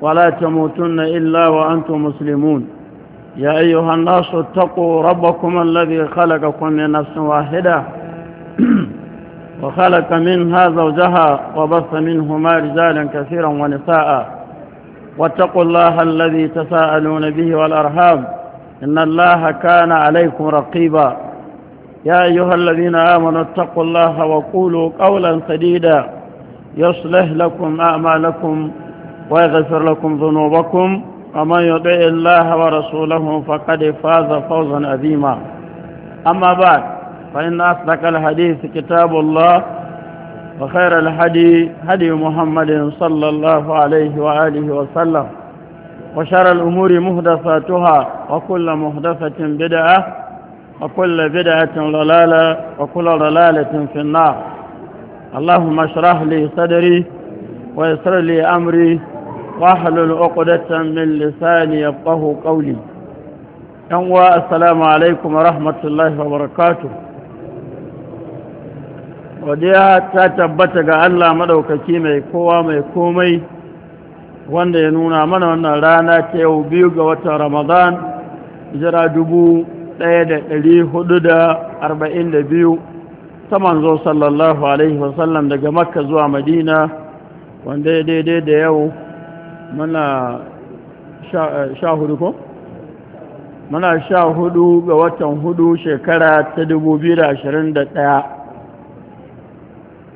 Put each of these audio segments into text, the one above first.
ولا تموتن إلا وأنتم مسلمون يا أيها الناس اتقوا ربكم الذي خلقكم من نفس واحدة وخلق منها زوجها وبث منهما رجالا كثيرا ونساء واتقوا الله الذي تساءلون به والأرهاب إن الله كان عليكم رقيبا يا أيها الذين آمنوا اتقوا الله وقولوا قولا سديدا يصلح لكم أعمالكم ويغفر لكم ذنوبكم ومن يطع الله ورسوله فقد فاز فوزا عظيما أما بعد فإن أصدق الحديث كتاب الله وخير الهدي هدي محمد صلى الله عليه وآله وسلم وشر الأمور مهدفاتها وكل مهدفة بدعة وكل بدعة ضلالة وكل ضلالة في النار اللهم اشرح لي صدري ويسر لي أمري واحلل عقدة من لساني يفقه قولي ينوى السلام عليكم ورحمة الله وبركاته وديها تتبت الله مدوك كيمي كوى مي كومي wanda ya nuna mana wannan rana ta yau biyu ga watan ramadan jira dubu ɗaya da ɗari hudu da arba'in da biyu ta manzo sallallahu alaihi wasallam daga makka zuwa madina wanda ya daidai da yau muna eh, sha hudu ko? muna sha hudu ga watan hudu shekara ta da ɗaya.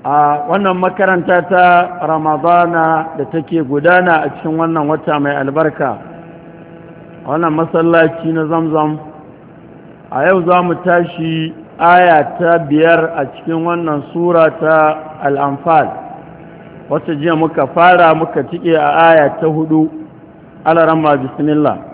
a wannan makaranta ta ramadana da take gudana a cikin wannan wata mai albarka a wannan masallaci na zamzam a yau za mu tashi aya ta biyar a cikin wannan sura ta al'amfal wata jiya muka fara muka cike a aya ta hudu alaramma bismillah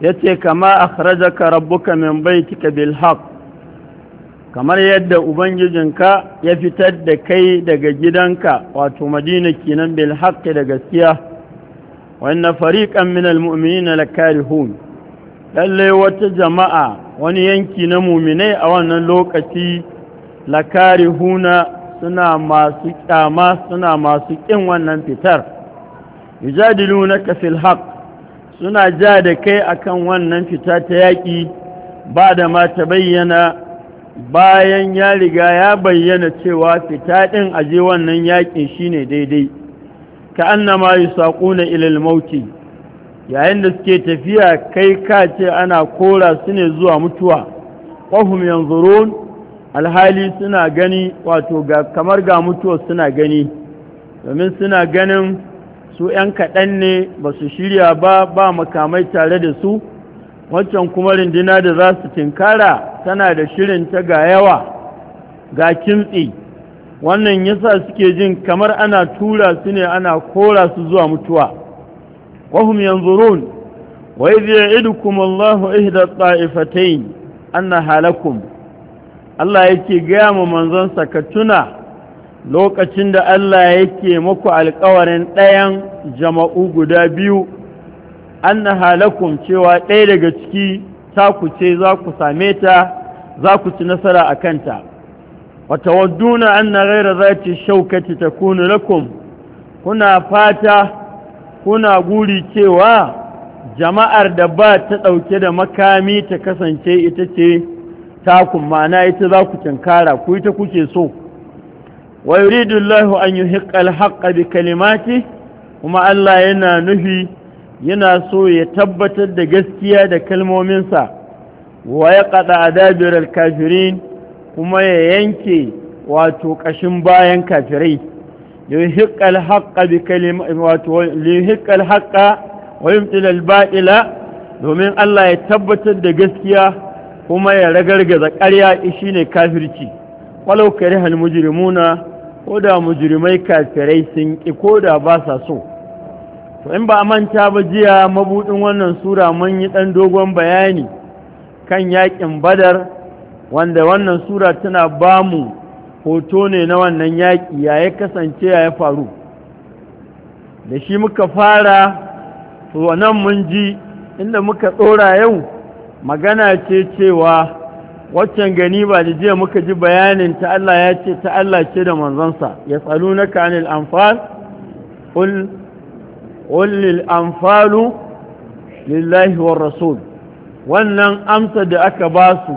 yace kama akhrajaka rabbuka min baitika bil haqq kamar yadda ubangijinka ya fitar da kai daga gidanka wato madina kenan bil haqqi da gaskiya wa inna fariqan min al mu'minina lakarihun wata jama'a wani yanki na mu'minai a wannan lokaci lakarihuna suna masu kyama suna masu kin wannan fitar yujadilunaka fil haqq suna ja da kai akan wannan fita ta yaƙi ba da ma ta bayyana bayan ya riga ya bayyana cewa fita ɗin aje wannan yaƙin shine daidai ka annama yusaquna ilil mauti yayin da suke tafiya kai ka ce ana kora su ne zuwa mutuwa ƙwahum yanzurun alhali suna gani wato kamar ga mutuwa suna gani domin suna ganin su ‘yan kaɗan ne ba su shirya ba ba makamai tare da su waccan kuma rindina da za su tinkara tana da shirin ta ga yawa ga kimtsi wannan yasa suke jin kamar ana tura su ne ana kora su zuwa mutuwa wahum yanzurun wa idh ya'idukum Allahu ihda ta'ifatayn annaha lakum Allah yake gaya ma manzon ka tuna lokacin da Allah yake muku alkawarin ɗayan jama'u guda biyu an na halakun cewa ɗaya daga ciki ta ku ce za ku same ta za ku ci nasara a kanta wata wadduna an na raira za ta shaukaci ta kunu lakum kuna fata kuna guri cewa jama'ar da ba ta ɗauke da makami ta kasance ita ce takun ma'ana ita za ku cinkara ku ita kuke so wa yuridu Allah an yuhiqqa al-haqqa bi kalimati kuma Allah yana nufi yana so ya tabbatar da gaskiya da kalmominsa wa ya qada adabir al-kafirin kuma ya yanke wato kashin bayan kafirai yuhiqqa al-haqqa bi kalimati wato yuhiqqa al-haqqa wa yumtil al-batila domin Allah ya tabbatar da gaskiya kuma ya ragargaza ƙarya shi ne kafirci walau karihal mujrimuna ko da mujrimai kafirai sun ki ko da ba sa so to in ba a manta ba jiya mabudin wannan sura mun yi dan dogon bayani kan yakin badar wanda wannan sura tana bamu hoto ne na wannan yaƙi ya ya kasance ya ya faru da shi muka fara to nan mun ji inda muka tsora yau magana ce cewa waccan gani ba da jiya muka ji bayanin ta Allah ya ce ta Allah ce da manzansa ya tsalu na kanil amfal ƙullil amfalu lillahi wa rasul wannan amsa da aka ba su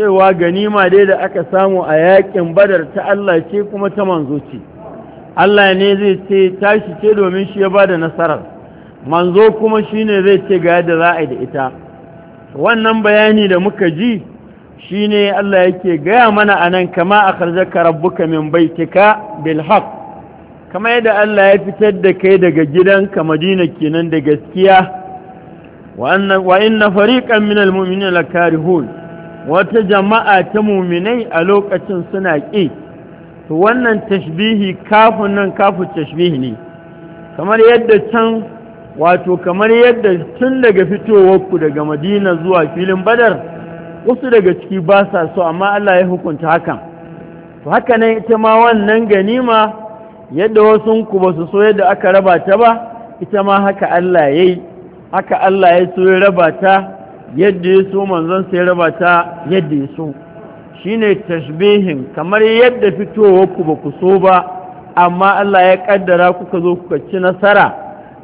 cewa ganima dai da aka samu a yakin badar ta Allah ce kuma ta manzo ce Allah ne zai ce tashi ce domin shi ya ba da nasarar manzo kuma shine zai ce ga yadda za a yi da ita wannan bayani da muka ji shi ne Allah yake gaya mana a nan kama a karzaka rabbuka min baitika bilhaq kama yadda Allah ya fitar da kai daga gidanka madina kenan da gaskiya wa inna fariqan min almu'minina lakarihun wata jama'a ta muminai a lokacin suna ƙi to wannan tashbihi kafin nan kafin tashbihi ne kamar yadda can wato kamar yadda tun daga fitowarku daga madina zuwa filin badar wasu daga ciki ba sa so amma Allah ya hukunta hakan to haka ne ita ma wannan ganima yadda wasu ku ba su so yadda aka raba ta ba ita ma haka Allah ya yi haka Allah ya so ya raba ta yadda ya so manzon sai raba ta yadda ya so shine tashbihin kamar yadda fitowar ku ba ku so ba amma Allah ya kaddara kuka zo kuka ci nasara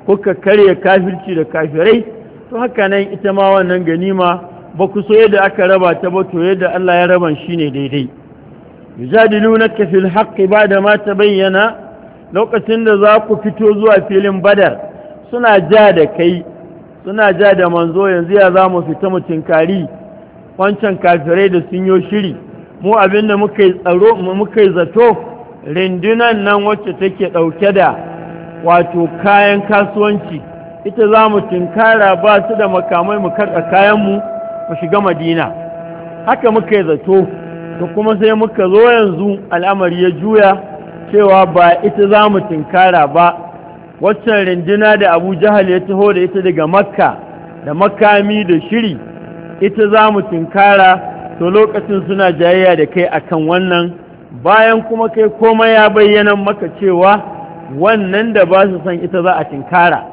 kuka karya kafirci da kafirai to haka nan ita ma wannan ganima ba ku so yadda aka raba ta ba to yadda Allah ya raban shi ne daidai yujadilunaka fil haqqi ba'da mata bayyana. lokacin da za ku fito zuwa filin badar suna ja da kai suna ja da manzo yanzu ya za mu fita mu tinkari wancan kafirai da sun yo shiri mu abinda muka yi tsaro muka yi zato rindunan nan wacce take ɗauke da wato kayan kasuwanci ita za mu tinkara ba su da makamai mu karɓa mu. mu shiga madina haka muka yi zato da kuma sai muka zo yanzu al'amari ya juya cewa ba ita za mu tinkara ba waccan rindina da abu jahal ya taho da ita daga makka da makami da shiri ita za mu tinkara to lokacin suna jayayya da kai akan wannan bayan kuma kai komai ya bayyana maka cewa wannan da ba su san ita za a tinkara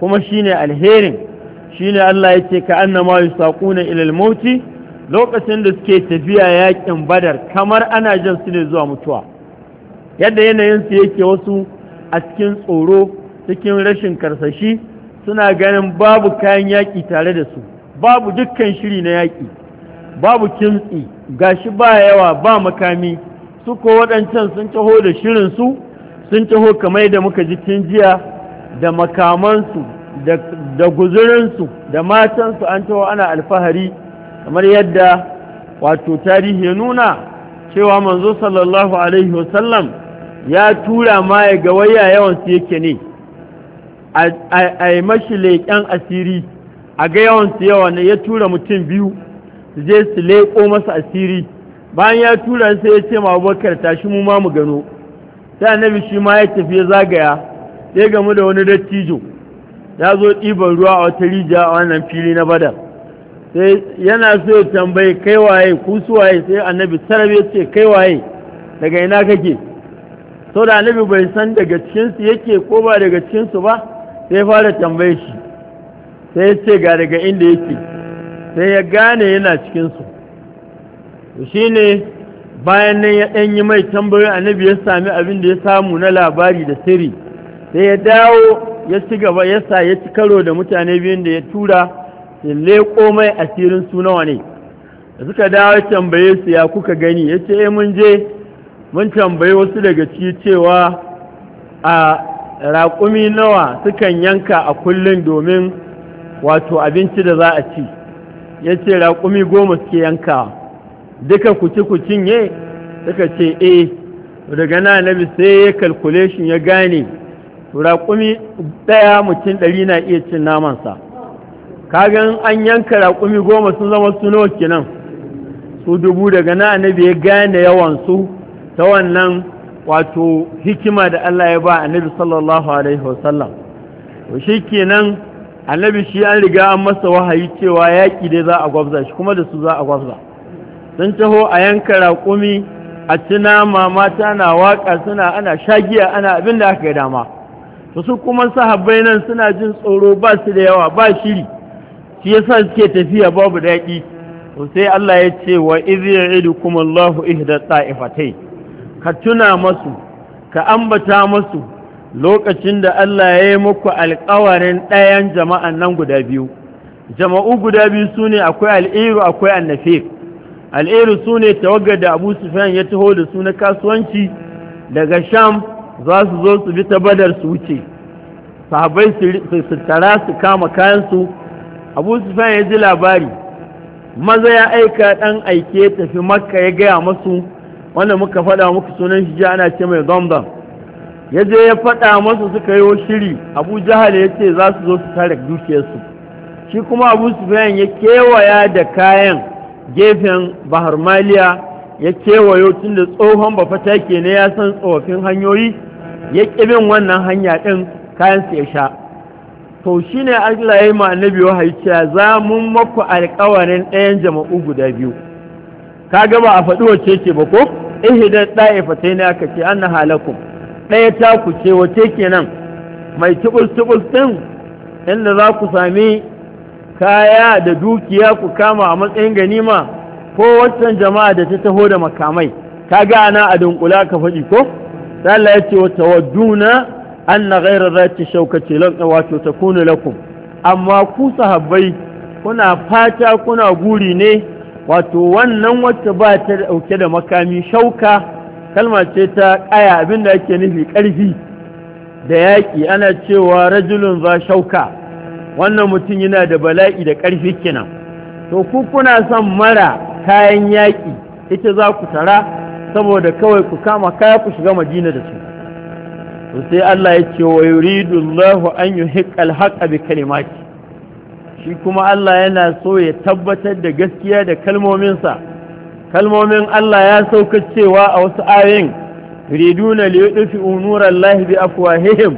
kuma shine alherin shine Allah ya ce ka annama yusaquna ila al-maut lokacin da suke tafiya yaƙin badar kamar ana jan su ne zuwa mutuwa yadda yanayinsu yake wasu a cikin tsoro cikin rashin karsashi suna ganin babu kayan yaƙi tare da su babu dukkan shiri na yaƙi babu kintsi gashi ba yawa ba makami su ko waɗancan sun taho da shirinsu sun taho kamar da muka ji jiya da makamansu da guzurinsu da matansu an taho ana alfahari kamar yadda wato tarihi ya nuna cewa manzo sallallahu alaihi wasallam ya tura ma ya ga yawansu yake ne a yi mashi leƙen asiri a ga yawansu yawa ya tura mutum biyu su je su leƙo masa asiri bayan ya tura sai ya ce ma abubakar tashi mu ma mu gano sai annabi shi ma ya tafi ya zagaya sai gamu da wani dattijo ya zo ɗiban ruwa a wata rijiya a wannan fili na badar sai yana so ya tambayi kai waye ku waye sai annabi sarabe ce kai waye daga ina kake sau da annabi bai san daga cikinsu yake ko ba daga cikinsu ba sai fara tambaye shi sai ya ce ga daga inda yake sai ya gane yana cikinsu shi ne bayan nan ya ɗan yi mai tambayoyi annabi ya sami abin da ya samu na labari da sirri sai ya dawo ya ci gaba ya sa ya ci karo da mutane biyun da ya tura ya leƙo mai asirin su nawa ne da suka dawo tambaye su ya kuka gani ya ce eh, mun je mun tambaye wasu daga ci cewa a raƙumi nawa sukan yanka a kullum domin wato abinci da za a ci ya ce raƙumi goma suke yanka duka kuci kucin ye suka ce eh daga na nabi sai ya ya gane raƙumi ɗaya mutum ɗari na iya cin namansa kagan an yanka raƙumi goma sun zama suno nan su dubu daga na annabi ya gane yawansu ta wannan wato hikima da Allah ya ba annabi sallallahu alaihi wasallam to shi kenan annabi shi an riga an masa wahayi cewa yaƙi dai za a gwabza shi kuma da su za a gwabza sun taho a yanka raƙumi a ci nama mata na waƙa suna ana shagiya ana abin da aka yi dama to su kuma sahabbai nan suna jin tsoro ba su da yawa ba shiri shi yasa suke tafiya babu daɗi to sai Allah ya ce wa idh ya'idukum Allahu ihda ta'ifatay ka tuna masu ka ambata masu lokacin da Allah ya yi muku alƙawarin ɗayan jama'an nan guda biyu jama'u guda biyu su ne akwai al'iru akwai annafir al'iru su ne tawagar da Abu Sufyan ya taho da su na kasuwanci daga Sham za su zo su bi ta badar su wuce sahabai su tara su kama kayansu abu sufyan ya ji labari maza ya aika ɗan aike tafi makka ya gaya masu wanda muka faɗa muku sunan shi ana ce mai zamzam ya je ya faɗa masu suka yi shiri abu jahal ya ce za su zo su tare dukiyarsu shi kuma abu sufyan ya kewaya da kayan gefen bahar maliya ya kewayo tun da tsohon bafatake ne ya san tsofin hanyoyi ya wannan hanya ɗin su ya sha to shi ne Allah ya yi ma annabi wahayi za mu maku alƙawarin ɗayan jama'u guda biyu ka ga ba a faɗi wace ke ba ko ɗaya da'ifa sai ne aka ce anna halakun." ɗaya ta ku ce wace nan. mai tubul tubus ɗin inda za ku sami kaya da dukiya ku kama a matsayin ganima ko wancan jama'a da ta taho da makamai ka ga ana a dunkula ka faɗi ko Allah ya ce wa tawadduna anna ghayra dhati shaukati lan wato takunu lakum amma ku sahabbai kuna fata kuna guri ne wato wannan wacce ba ta dauke da makami shauka kalma ce ta kaya abinda ake nufi karfi da yaƙi ana cewa rajulun za shauka wannan mutum yana da bala'i da karfi kenan to ku kuna son mara kayan yaƙi ita za ku tara saboda kawai ku kama kaya ku shiga madina da su sai Allah ya ce wa yuridu Allahu an yuhiqqal haqqa bi kalimati shi kuma Allah yana so ya tabbatar da gaskiya da kalmominsa kalmomin Allah ya sauka cewa a wasu ayoyin yuriduna li yudfi'u nurallahi bi afwahihim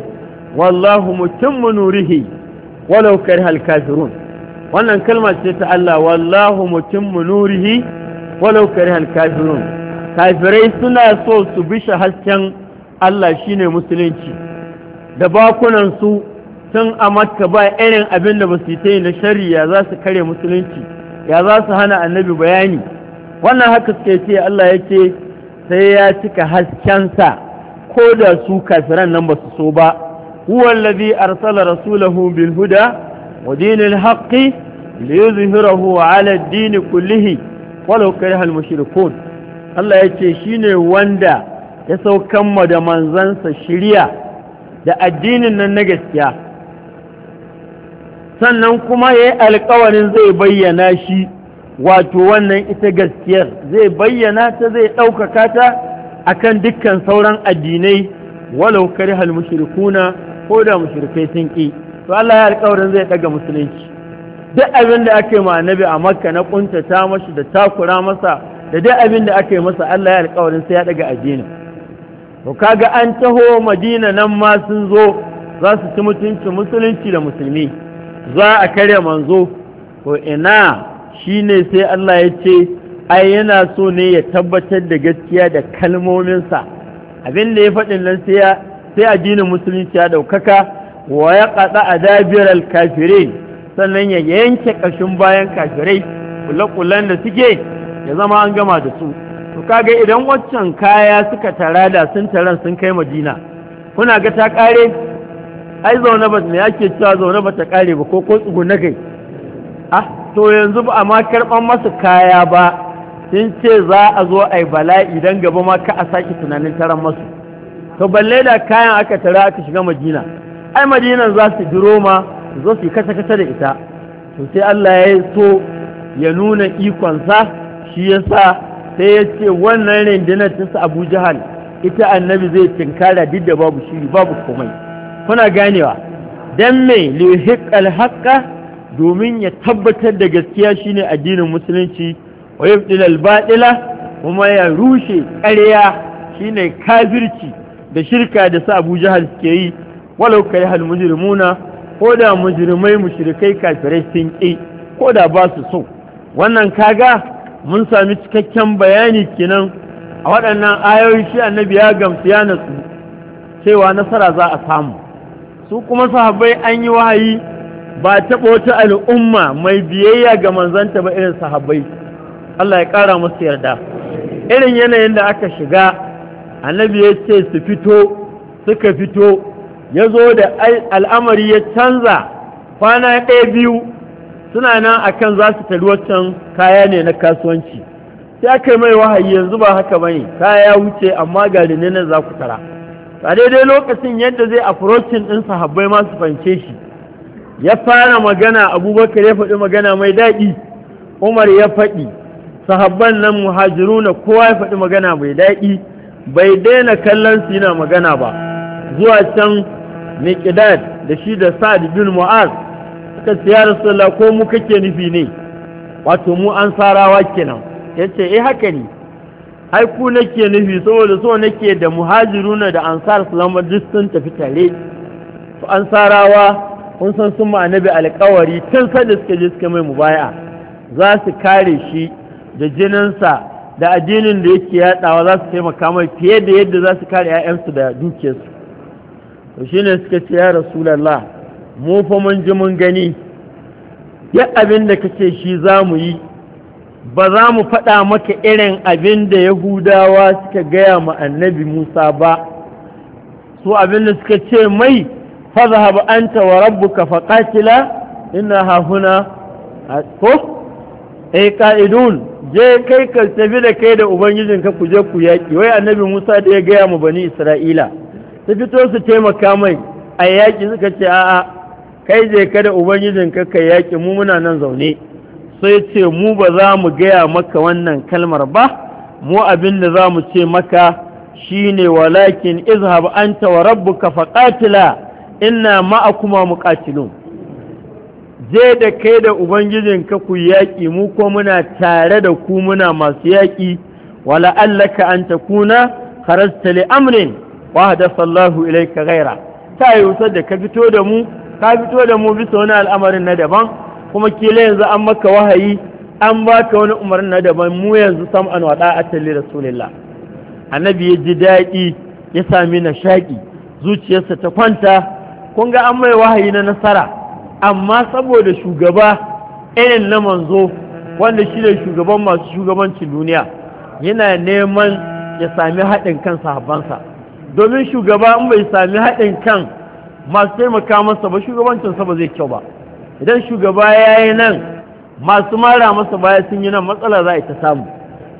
wallahu mutimmu nurihi walau karihal kafirun wannan kalma ce ta Allah wallahu mutimmu nurihi walau karihal kafirun kafirai suna so su bishe hasken Allah shine musulunci da bakunansu tun a matka ba irin abin da ba su yi na ya za su kare musulunci ya za su hana annabi bayani wannan haka suke ce Allah ya ce sai ya cika haskensa ko da su kafiran nan ba su so ba huwa arsala rasulahu Bilhuda, huda wa dinil haqqi liyuzhirahu ala ad-din kullihi walau Allah ya ce shi ne wanda ya saukan ma da manzansa shirya da addinin nan na gaskiya sannan kuma ya yi alkawarin zai bayyana shi wato wannan ita gaskiyar zai bayyana ta zai ɗaukaka ta akan dukkan sauran addinai walau kari hal ko da mushrikai sun ƙi to Allah ya alkawarin zai ɗaga musulunci duk abin da aka yi ma annabi a makka na kuntata mashi da takura masa da dai abin da aka yi masa Allah ya alƙawarin sai ya daga addinin to kaga an taho madina nan ma sun zo za su ci mutunci musulunci da musulmi za a kare manzo to ina shine sai Allah ya ce ai yana so ne ya tabbatar da gaskiya da kalmominsa abin da ya faɗin nan sai sai addinin musulunci ya ɗaukaka wa ya katsa a dabiyar kafirai sannan ya yanke ƙashin bayan kafirai kule-kulen da suke ya zama an gama da su to kaga idan waccan kaya suka tara da sun taran sun kai madina kuna ga ta kare ai zaune ba me ake cewa zaune ba ta kare ba ko ko na kai ah to yanzu ba a ma karban masu kaya ba sun ce za a zo a yi bala'i idan gaba ma ka a sake tunanin taran masu to balle da kayan aka tara aka shiga madina ai madinan za su diro ma zo su kasa kasa da ita to sai Allah ya so ya nuna ikonsa shi ya sa sai ya ce wannan rundunar ta abu jahal ita annabi zai tinkara duk da babu shiri babu komai kuna ganewa Don me lihiqal alhaka domin ya tabbatar da gaskiya shine addinin musulunci wa fi batila kuma ya rushe ƙarya shine kafirci da shirka da su Abu Jahal suke yi walau kai hal mujirmuna ko da mujirmai mushrikai kafirai sun ƙi ko da ba su so wannan kaga mun sami cikakken bayani kenan a waɗannan ayoyi shi annabi ya gamsu ya nasu cewa nasara za a samu su kuma sahabbai an yi wahayi ba taɓa wata al'umma mai biyayya ga manzanta ba irin sahabbai Allah ya ƙara musu yarda irin yanayin da aka shiga annabi ya ce su fito suka fito ya zo da al'amari ya canza kwana ɗaya biyu suna nan akan za su tari waccan kaya ne na kasuwanci sai aka yi mai wahayi yanzu ba haka bane kaya ya wuce amma ga nan za ku tara a daidai lokacin yadda zai approaching ɗin sahabbai ma su fance shi ya fara magana abubakar ya faɗi magana mai daɗi umar ya faɗi sahabban nan muhajiru na kowa ya faɗi magana mai daɗi bai daina kallon su yana magana ba zuwa can miƙidad da shi da sa'ad bin mu'az suka ce ya rasulullah ko mu kake nufi ne wato mu an sarawa kenan yace eh haka ne ai ku nake nufi saboda so nake da muhajiruna da ansar salama duk sun tafi tare to ansarawa kun san sun annabi alƙawari tun sanda suka je suka mai mubaya za su kare shi da jininsa da addinin da yake yadawa za su taimaka mai fiye da yadda za su kare 'ya'yansu da dukiyarsu to shine suka ce ya rasulallah mu fa mun ji mun gani ya abin da kace shi za mu yi ba za mu faɗa maka irin abin da yahudawa suka gaya ma annabi musa ba su abin da suka ce mai fazahab anta wa rabbuka faqatila inna hahuna ko ai eh, ka'idun je kai ka tafi da kai da ubangijin ka ku je ku yaki wai annabi musa da ya gaya ma bani isra'ila ta fito su taimaka mai a yaki suka ce a'a kai je kada ubangijin ubangijinka ka yaƙi mu muna nan zaune sai ce mu ba za mu gaya maka wannan kalmar ba mu abin da za mu ce maka shine walakin izhab anta wa rabbuka faqatila inna ma'akuma muqatilun je da kai da ubangijin ka ku yaƙi mu ko muna tare da ku muna masu yaƙi wala allaka an takuna kharajta li amrin wa hadasallahu ilayka ghaira ta yi da ka fito da mu ka fito da mu bisa wani al'amarin na daban kuma kila yanzu an maka wahayi an baka wani umarni na daban mu yanzu sam an wada talli rasulillah annabi ya ji daɗi ya sami nishaɗi zuciyarsa ta kwanta kun ga an mai wahayi na nasara amma saboda shugaba irin na manzo wanda shi ne shugaban masu shugabancin duniya yana neman ya sami haɗin kan sahabbansa domin shugaba in bai sami haɗin kan masu taimaka masa ba shugabancinsa ba zai kyau ba idan shugaba ya yi nan masu mara masa baya sun yi nan matsala za a ta samu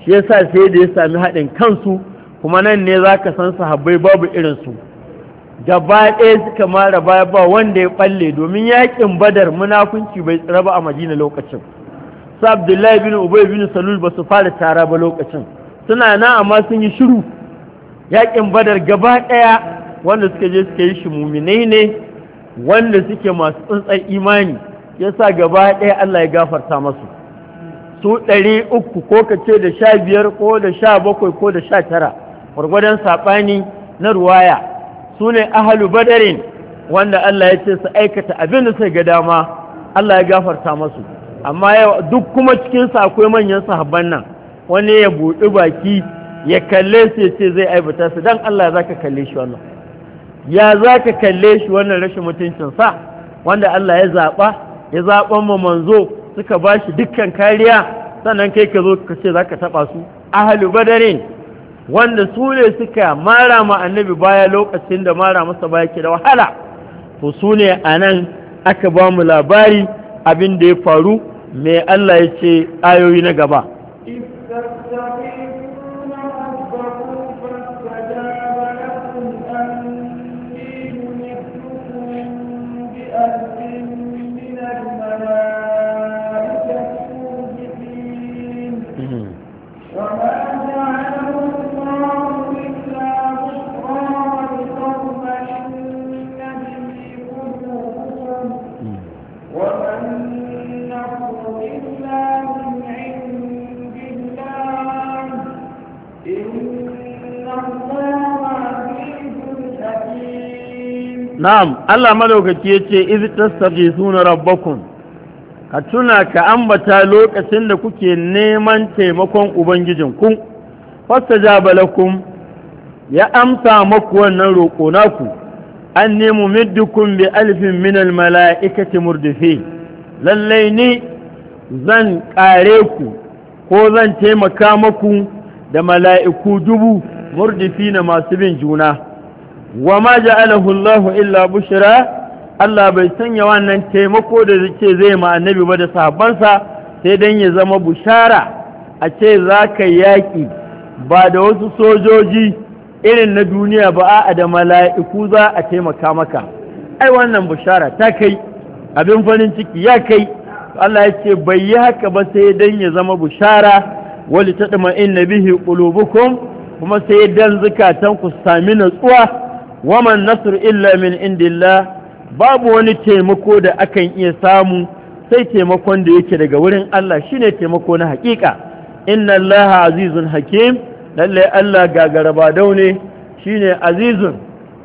shi ya sa, sai da ya sami haɗin kansu kuma nan ne za ka san sahabbai babu irinsu gaba ɗaya suka mara baya ba wanda ya ɓalle domin yaƙin badar munafunci bai tsira ba a madina lokacin su abdullahi bin ubay bin salul ba su fara tara ba lokacin suna nan amma sun yi shiru yaƙin badar gaba ɗaya wanda suka je suka yi shi muminai ne wanda suke masu tsuntsar imani ya sa gaba ɗaya Allah ya gafarta masu su ɗari uku ko ka ce da sha biyar ko da sha bakwai ko da sha tara gwargwadon saɓani na ruwaya su ne ahalu badarin wanda Allah ya ce su aikata abin da suka ga dama Allah ya gafarta masu amma yau duk kuma cikin akwai manyan sahabban nan wani ya buɗi baki ya kalle su ya ce zai aibata su don Allah za ka kalle shi wannan ya za ka kalle shi wannan rashin mutuncinsa wanda Allah ya zaɓa ya zaɓan ma manzo suka ba shi dukkan kariya sannan kai ka zo ka ce za ka taɓa su ahalu badarin wanda su ne suka mara ma annabi baya lokacin da mara masa baya ke da wahala to su ne a nan aka ba mu labari abin da ya faru mai Allah ya ce ayoyi na gaba na'am Allah madaukaki yace iz tastajisuna rabbakum ka tuna ka ambata lokacin da kuke neman taimakon ubangijin ku. fastajaba lakum ya amsa maku wannan roƙo naku an nemu middukum bi alfin al mala'ikati murdifi lallai ni zan ƙare ku ko zan taimaka maku da mala'iku dubu murdifi na masu bin juna wa ma ja'alahu Allahu illa bushra Allah bai sanya wannan taimako da zake zai ma annabi ba da sahabbansa sai dan ya zama bushara a ce zaka yaki ba da wasu sojoji irin na duniya ba a da mala'iku za a taimaka maka ai wannan bushara ta kai abin farin ciki ya kai Allah ya ce bai yi haka ba sai dan ya zama bushara wali ta ɗama inna bihi ƙulubukum kuma sai dan zukatan ku sami natsuwa waman nasr illa min indillah babu wani taimako da akan iya samu sai taimakon da yake daga wurin Allah shine taimako na haƙiƙa inna allaha azizun hakim lalle Allah ga gagaraba daune shine azizun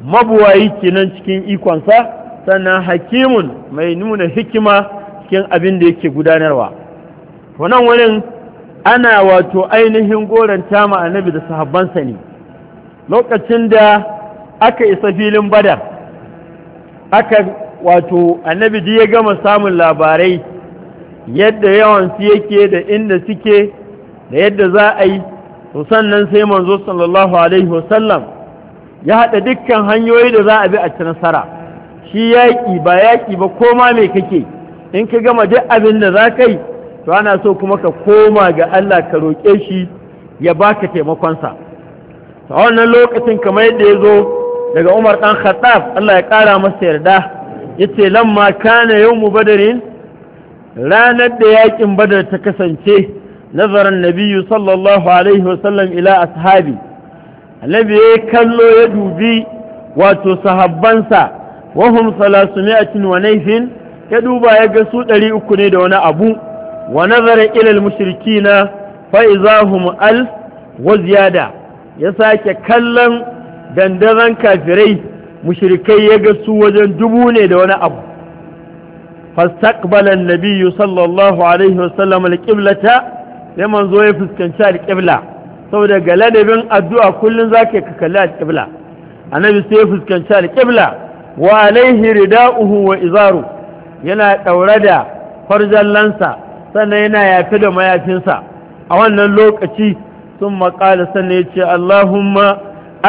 mabuwayi kenan cikin ikonsa sannan hakimun mai nuna hikima cikin abin da yake gudanarwa wannan wurin ana wato ainihin goranta ma annabi da sahabbansa ne lokacin da aka isa filin badar aka wato annabi ya gama samun labarai yadda yawan su yake da inda suke da yadda za a yi to sannan sai manzo sallallahu alaihi wasallam ya haɗa dukkan hanyoyi da za a bi a ci nasara shi yaƙi ba yaƙi ba koma mai kake in ka gama duk abin da za ka yi to ana so kuma ka koma ga Allah ka roƙe shi ya baka taimakonsa a wannan lokacin kamar yadda ya zo daga Umar dan Khattab Allah ya kara masa yarda yace lamma kana yawmu badrin ranar da yakin badar ta kasance nazarin nabiyyu sallallahu alaihi wasallam ila ashabi annabi ya kallo ya dubi wato sahabbansa wahum salasumi'atin wa naifin ya duba ya ga su ɗari uku ne da wani abu wa nazara ilal mushrikina fa izahum al wa ziyada ya sake kallon dandazon kafirai mushrikai ya ga su wajen dubu ne da wani abu fastaqbala an-nabiyyu sallallahu alaihi wasallam al-qiblata ya manzo ya fuskanci al-qibla saboda ga ladabin addu'a kullun zake ka kalli al-qibla annabi sai ya fuskanci al-qibla wa alaihi rida'uhu wa izaru yana daure da farjan lansa sannan yana yafi da mayafinsa a wannan lokaci sun maƙala sannan ya ce allahumma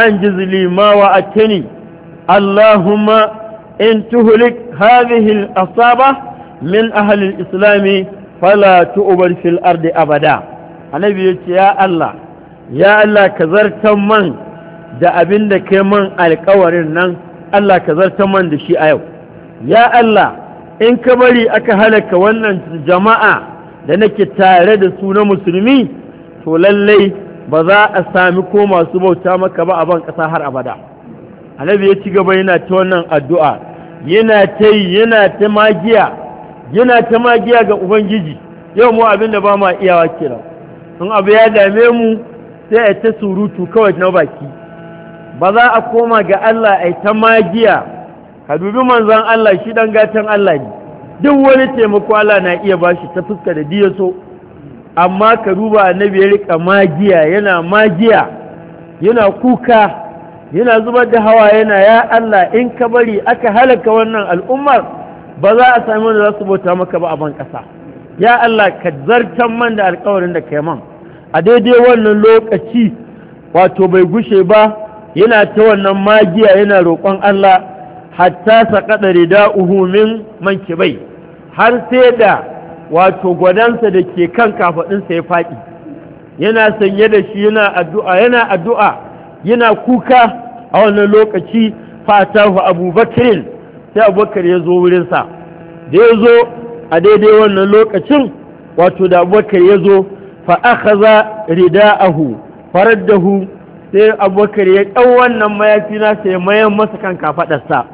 an ji zilimawa a atani Allahumma in tuhlik hadhihi asaba min ahalin islami islam fala tu'bar fil ardi abada ya yace ya Allah ya Allah ka zartan man da abin da kai man alƙawarin nan Allah ka zartan man da shi a yau ya Allah in ka bari aka halaka wannan jama'a da nake tare da su na musulmi to lallai ba za a sami ko masu bauta maka ba a ban ƙasa har abada annabi ya ci gaba yana ta wannan addu'a yana ta yi yana ta magiya yana ta magiya ga ubangiji yau mu abin da ba ma iyawa kenan in abu ya dame mu sai a ta surutu kawai na baki ba za a koma ga Allah a ta magiya ka dubi manzon Allah shi dan gatan Allah ne duk wani taimako Allah na iya bashi ta fuska da diyaso so amma ka duba annabi ya rika magiya yana magiya yana kuka yana zubar da hawa yana ya Allah in ka bari aka halaka wannan al'ummar ba za a sami wanda za su bauta maka ba a ban ƙasa ya Allah ka zartan man da alƙawarin da kai man a daidai wannan lokaci wato bai gushe ba yana ta wannan magiya yana roƙon Allah hatta da uhumin man kibai har sai da wato gwadansa da ke kan kafaɗinsa ya faɗi yana sanye da shi yana addu'a yana addu'a yana kuka a wannan lokaci fatahu abubakarin sai abubakar ya zo wurinsa da ya zo a daidai wannan lokacin wato da abubakar ya zo fa'akaza rida'ahu hu. sai abubakar ya ɗan wannan mayafi nasa ya mayan masa kan kafaɗarsa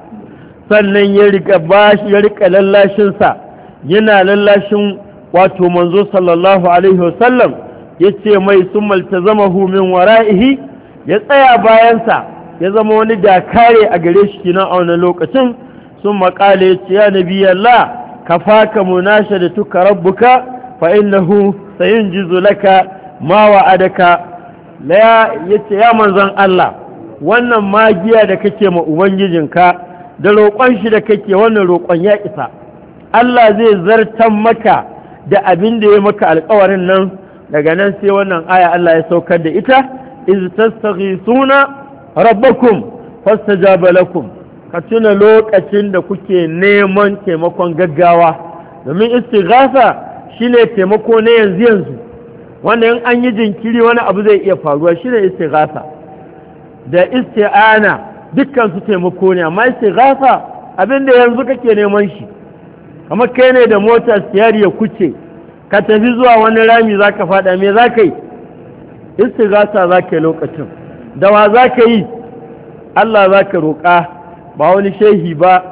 sannan ya riƙa lallashinsa yana lallashin wato manzo sallallahu alaihi wasallam ya ce mai sun zama min wara'ihi ya tsaya bayansa ya zama wani dakare a gare shi kina a wani lokacin sun makale ya ce ya nabi Allah ka faka munasha da tuka rabbuka fa innahu sayin jizu laka ma wa'adaka ya ce ya manzon Allah wannan magiya da kake ma ubangijinka da roƙon shi da kake wannan roƙon ya isa Allah zai zartan maka da abin da ya maka alkawarin nan daga nan sai wannan aya Allah ya saukar da ita iz tastasghithuna rabbakum fastajaba lakum ka tuna lokacin da kuke neman taimakon gaggawa domin istighatha shine taimako na yanzu yanzu wanda in an yi jinkiri wani abu zai iya faruwa shine istighatha da isti'ana dukkan su taimako ne amma istighatha abin da yanzu kake neman shi kamar kai ne da mota siyar ya kuce ka tafi zuwa wani rami za ka fada me za ka yi istigasa za ka yi lokacin wa za ka yi Allah za ka roƙa ba wani shehi ba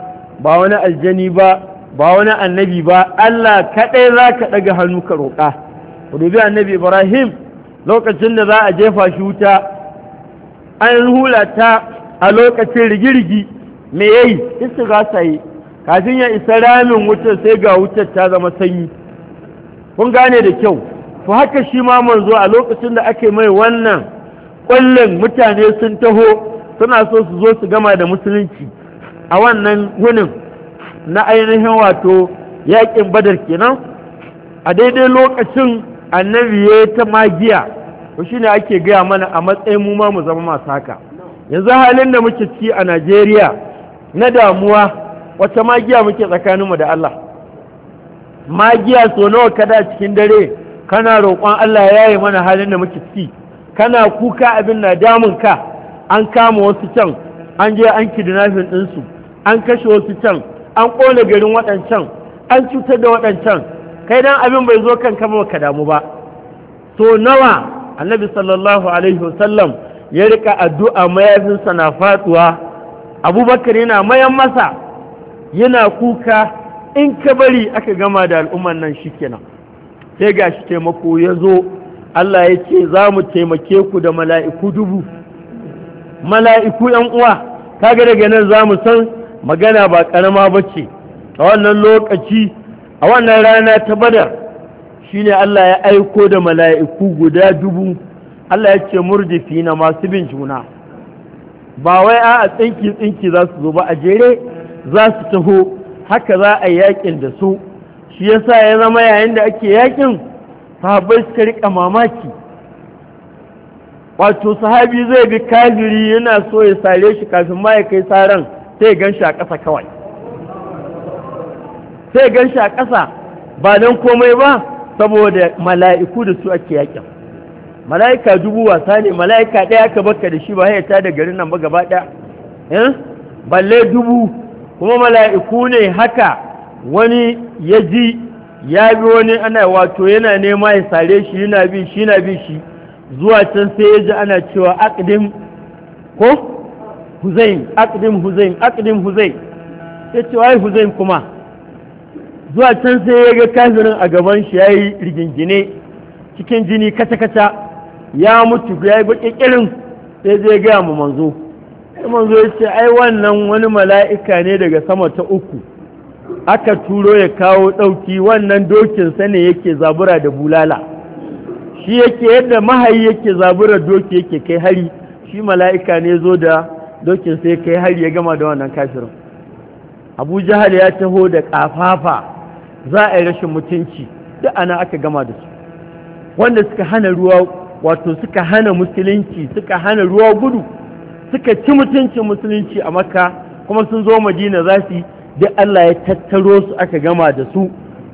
ba wani aljani ba ba wani annabi ba Allah kaɗai za ka ɗaga hannu ka roƙa rubi annabi ibrahim lokacin da za a jefa shi wuta an hula ta a lokacin rigirgi me yayi istigasa yi kafin ya isa ramin wutar sai ga wutar ta zama sanyi kun gane da kyau to haka shi ma manzo a lokacin da ake mai wannan kullun mutane sun taho suna so su zo su gama da musulunci a wannan wunin na ainihin wato yakin badar kenan a daidai lokacin annabi ya ta magiya to shine ake gaya mana a matsayin mu ma mu zama masu haka yanzu halin da muke ciki a Najeriya na damuwa wacce magiya muke tsakaninmu da Allah magiya so nawa kada cikin dare kana roƙon Allah ya yi mana halin da muke ci? kana kuka abin na damun ka an kama wasu can an je an kidnapping ɗinsu an kashe wasu can an ƙone garin waɗancan an cutar da waɗancan kai dan abin bai zo kan kama ka damu ba so nawa annabi sallallahu alaihi wasallam ya rika addu'a mayafinsa na faduwa abubakar yana mayan masa yana kuka in ka bari aka gama da al'umman nan shi kenan. sai ga shi taimako ya zo Allah ya ce za mu taimake ku da mala'iku dubu mala'iku ‘yan uwa kaga daga nan za mu san magana ba ƙarama ba ce a wannan lokaci a wannan rana ta badar ne Allah ya aiko da mala'iku guda dubu Allah ya ce murdifi na masu bin juna ba wai a tsinki tsinki za su zo ba a jere za su taho haka za a yakin da su shi yasa ya zama yayin da ake yakin sahabbai suka rika mamaki wato sahabi zai bi kafiri yana so ya sare shi kafin ma ya kai saran sai gan shi a ƙasa kawai sai gan shi a ƙasa ba don komai ba saboda mala'iku da su ake yakin mala'ika dubu wasa ne mala'ika ɗaya ka baka da shi ba haita da garin nan ba gaba ɗaya eh? balle dubu kuma mala'iku ne haka wani ya ji ya bi wani ana wato yana nema ya sare shi yana bi shi yana bi shi zuwa can sai ya ji ana cewa akidin ko huzain akidin huzain akidin huzain ya ce wai huzain kuma zuwa can sai ya ga kafirin a gaban shi ya yi rigingine cikin jini kata-kata ya mutu ya yi baƙi irin sai zai gaya mu manzo manzo zo ce ai wannan wani mala'ika ne daga sama ta uku aka turo ya kawo ɗauki wannan dokinsa ne yake zabura da bulala shi yake yadda mahayi yake zabura doki yake kai hari shi mala'ika ne zo da dokinsa ya kai hari ya gama da wannan kafirin abu jahal ya taho da ƙafafa za a yi rashin mutunci duk ana aka gama da su wanda suka hana ruwa wato suka hana musulunci suka hana ruwa gudu suka ci mutuncin musulunci a makka kuma sun zo madina za su da Allah ya tattaro su aka gama da su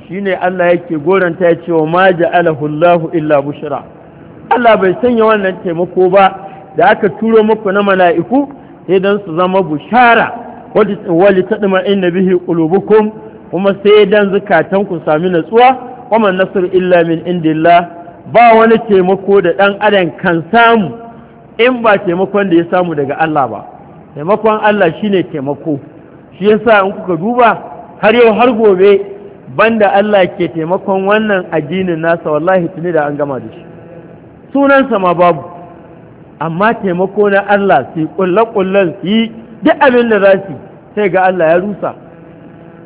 shine Allah yake goranta ya cewa ma ja'alahu Allahu illa bushra Allah bai sanya wannan taimako ba da aka turo muku na mala'iku sai dan su zama bushara wali tadma inna bihi qulubukum kuma sai dan zakatan ku sami natsuwa kuma nasr illa min indillah ba wani taimako da dan adam kan samu in ba taimakon da ya samu daga Allah ba taimakon Allah shine taimako shi yasa in kuka duba har yau har gobe banda Allah ke taimakon wannan addinin nasa wallahi tuni da an gama da shi sunansa ma babu amma taimako na Allah su kulle su yi duk abin da za su sai ga Allah ya rusa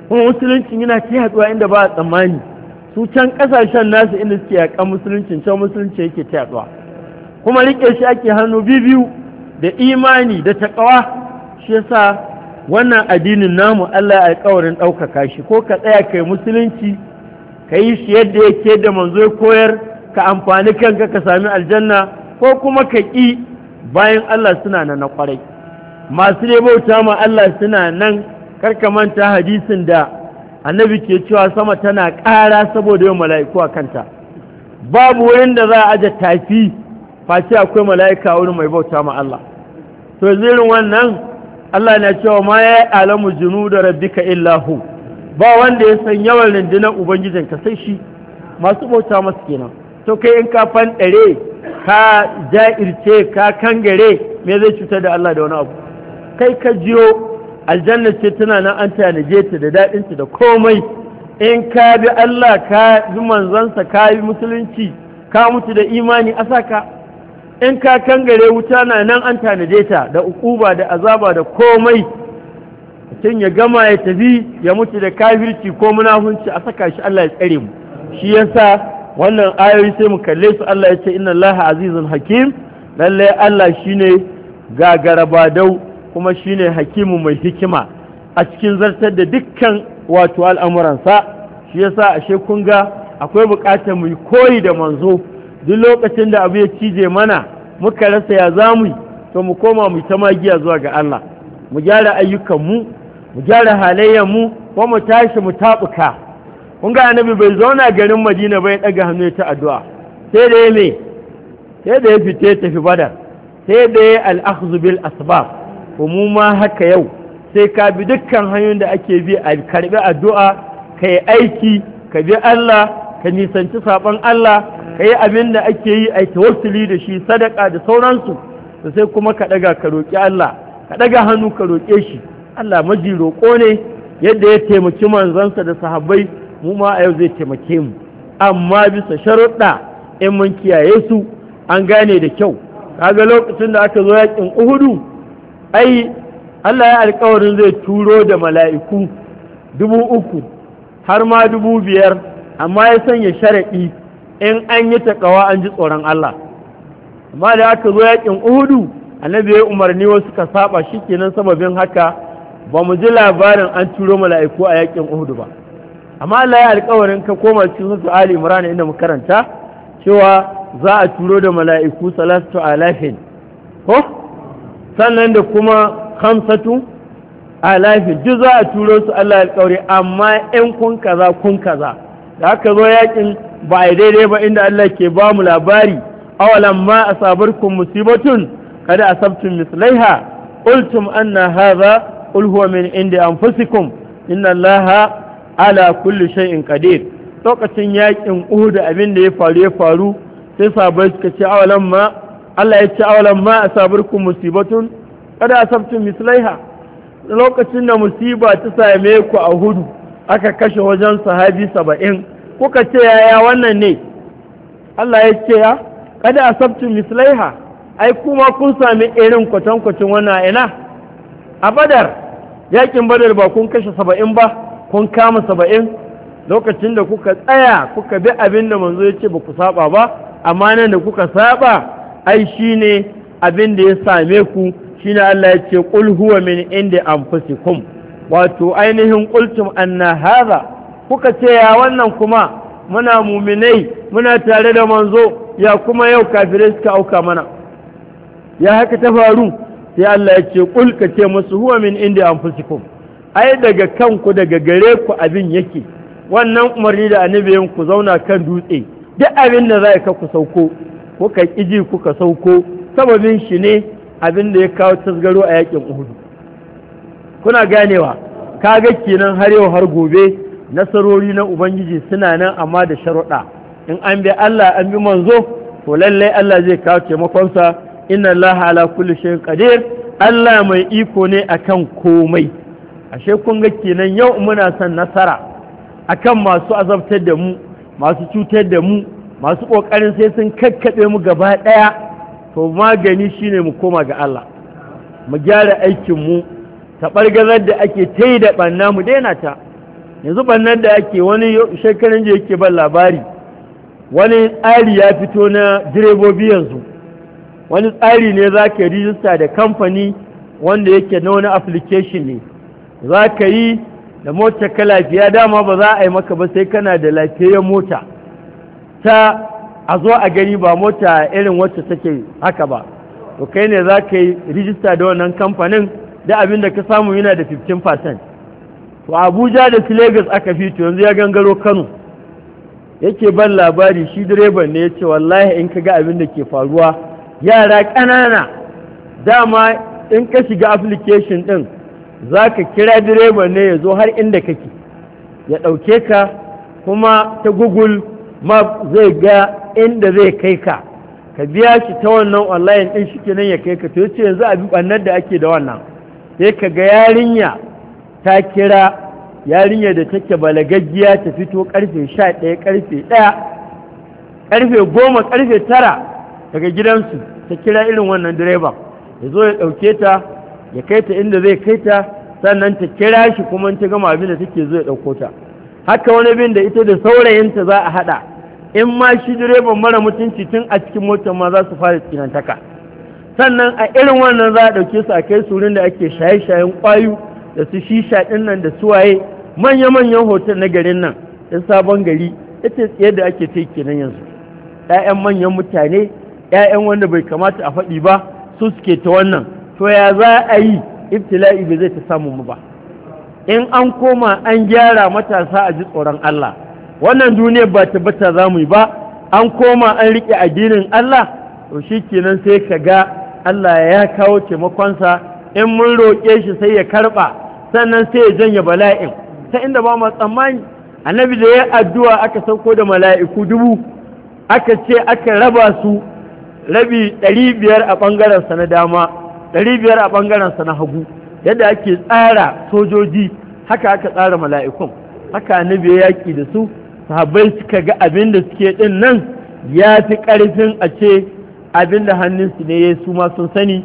kuma musuluncin yana ce haɗuwa inda ba a tsammani su can ƙasashen nasu inda suke yaƙan musuluncin can musulunci yake ta haɗuwa kuma rike shi ake hannu biyu da imani da taƙawa shi yasa wannan addinin namu Allah ya alƙawarin ɗaukaka shi ko ka tsaya kai musulunci ka yi shi yadda yake da manzo koyar ka amfani kanka ka sami aljanna ko kuma ka ƙi bayan Allah suna nan na kwarai masu ne bauta ma Allah suna nan karka manta hadisin da annabi ke cewa sama tana ƙara saboda yawan mala'iku a kanta babu wurin da za a aje tafi face akwai mala'ika wani mai bauta ma Allah to zirin wannan Allah na cewa ma ya yi alamu jinu da rabbika illahu ba wanda ya san yawan rundunar ubangijin ka sai shi masu bauta masu kenan to kai in ka ɗare ka ja'irce ka kangare me zai cutar da Allah da wani abu kai ka jiyo aljanna ce tana nan an tanaje ta da daɗinta da komai in ka bi Allah ka bi manzansa ka bi musulunci ka mutu da imani asaka in ka kangare wuta na nan an tanade ta da ukuba da azaba da komai mutum ya gama ya tafi ya mutu da kafirci ko munafunci a saka shi Allah ya tsare mu shi yasa wannan ayoyi sai mu kalle su Allah ya ce inna Allah azizun hakim lalle Allah shine gagarabadau kuma shine hakimu mai hikima a cikin zartar da dukkan wato al'amuransa shi yasa ashe kun ga akwai bukatar mu koyi da manzo duk lokacin da abu ya cije mana muka rasa ya zamu to mu koma mu ta magiya zuwa ga Allah mu gyara ayyukanmu mu gyara halayyarmu ko mu tashi mu tabuka kun ga annabi bai zauna garin Madina bai daga hannu ta addu'a sai da me sai da ya fite tafi badar sai da ya al'akhzu bil asbab ma haka yau sai ka bi dukkan hanyoyin da ake bi a karbi addu'a kai aiki ka bi Allah ka nisanci sabon Allah ka abin da ake yi a tawassuli da shi sadaka da sauransu da sai kuma ka ɗaga ka roƙi Allah ka ɗaga hannu ka roƙe shi Allah maji roƙo ne yadda ya taimaki manzansa da sahabbai mu ma a yau zai taimake mu amma bisa sharuɗa in mun kiyaye su an gane da kyau kaga lokacin da aka zo yakin uhudu ai Allah ya alƙawarin zai turo da mala'iku dubu uku har ma dubu biyar amma ya sanya sharaɗi in an yi taƙawa an ji tsoron Allah amma da aka zo yakin uhudu annabi ya umarni wasu ka saba shi kenan sababin haka ba mu ji labarin an turo mala'iku a yakin uhudu ba amma Allah ya alƙawarin ka koma cikin su Ali Imran inda mu karanta cewa za a turo da mala'iku salatu alafin ko sannan da kuma hamsatu alafin duk za a turo su Allah alƙawari amma in kun kaza kun kaza da aka zo yakin ba a daidai ba inda Allah ke ba mu labari awalan ma asabarkum musibatun kada a sabtun mislaiha ultum anna hadha qul huwa min indi anfusikum inna Allaha ala kulli shay'in qadir lokacin yakin Uhud abin da ya faru ya faru sai sabai suka ce awalan ma Allah ya ce awalan ma asabarkum musibatun kada a sabtun mislaiha lokacin da musiba ta same ku a hudu aka kashe wajen sahabi saba'in kuka ce yaya wannan ne Allah ya ce ya kada a sabtu mislaiha ai kuma kun sami irin kwatankwacin wannan ina a badar yakin badar ba kun kashe saba'in ba kun kama saba'in lokacin da kuka tsaya kuka bi abin da manzo ya ce ba ku saba ba amma nan da kuka saba ai shi ne abin da ya same ku shi ne Allah ya ce ƙulhuwa huwa min indi anfusikum wato ainihin qultum anna hadha kuka ce ya wannan kuma muna muminai muna tare da manzo ya kuma yau kafirai suka auka mana ya haka ta faru sai Allah ya ce kul ka ce musu huwa min inda anfusikum ai daga kanku daga gare ku abin yake wannan umarni da annabiyin ku zauna kan dutse duk abin da za ka ku sauko kuka kiji kuka sauko sababin shi ne abin da ya kawo tasgaro a yakin uhudu kuna ganewa kaga kenan har yau har gobe nasarori na ubangiji suna nan amma da sharuɗa in an bi Allah an bi manzo to lallai Allah zai kawo taimakonsa inna Allah ala kulli shay'in qadir Allah mai iko ne akan komai ashe kun ga kenan yau muna son nasara akan masu azabtar da mu masu cutar da mu masu kokarin sai sun kakkabe mu gaba ɗaya, to magani shine mu koma ga Allah mu gyara aikin mu taɓargazar da ake ta yi da ɓanna mu daina ta yanzu bannan da ake wani shekaran jiya yake ban labari wani tsari ya fito na direbobi yanzu wani tsari ne za ka rijista da kamfani wanda yake na wani application ne za ka yi da mota ka lafiya dama ba za a yi maka ba sai kana da lafiyayyen mota ta a zo a gani ba mota irin wacce take haka ba to kai ne za ka yi rijista da wannan kamfanin da abin da ka samu yana da 15% to abuja da Legas aka fi to yanzu ya gangaro kano yake ban labari shi direban ne ya ce wallahi in ka ga abin da ke faruwa yara ƙanana dama in ka shiga application ɗin za ka kira direban ne ya zo har inda kake ya ɗauke ka kuma ta google map zai ga inda zai kai ka ka biya shi ta wannan online ɗin shi kenan ya kai ka to yace yanzu abin ɓannar da ake da wannan sai ka ga yarinya ta kira yarinya da take balagaggiya ta fito karfe sha ɗaya karfe ɗaya karfe goma karfe tara daga gidansu ta kira irin wannan direban ya zo ya ɗauke ta ya kai ta inda zai kai ta sannan ta kira shi kuma ta gama abin da take zo ya ɗauko ta haka wani bin da ita da saurayinta za a haɗa in ma shi direban mara mutunci tun a cikin motar ma za su fara tsinantaka sannan a irin wannan za a ɗauke su a kai su wurin da ake shaye-shayen ƙwayo da su shisha ɗin nan da suwaye manya-manyan hoton na garin nan da sabon gari ita tsaye da ake ta kenan yanzu ‘ya'yan manyan mutane ‘ya'yan wanda bai kamata a faɗi ba su suke ta wannan to ya za a yi iftila'i bai zai ta samu mu ba in an koma an gyara matasa a ji tsoron Allah wannan duniyar ba ta bata za mu yi ba an koma an riƙe addinin Allah to shi kenan sai ka ga Allah ya kawo taimakonsa in mun roƙe shi sai ya karɓa sannan sai ya janye bala'in ta inda ba mu tsammani annabi da ya addu'a aka sauko da mala'iku dubu aka ce aka raba su rabi 500 biyar a ɓangarensa na dama 500 biyar a ɓangarensa na hagu yadda ake tsara sojoji haka aka tsara mala'ikun haka annabi ya yaƙi da su sahabbai suka ga abin da suke ɗin nan ya fi ƙarfin a ce abin da hannunsu ne ya su ma sun sani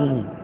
mm.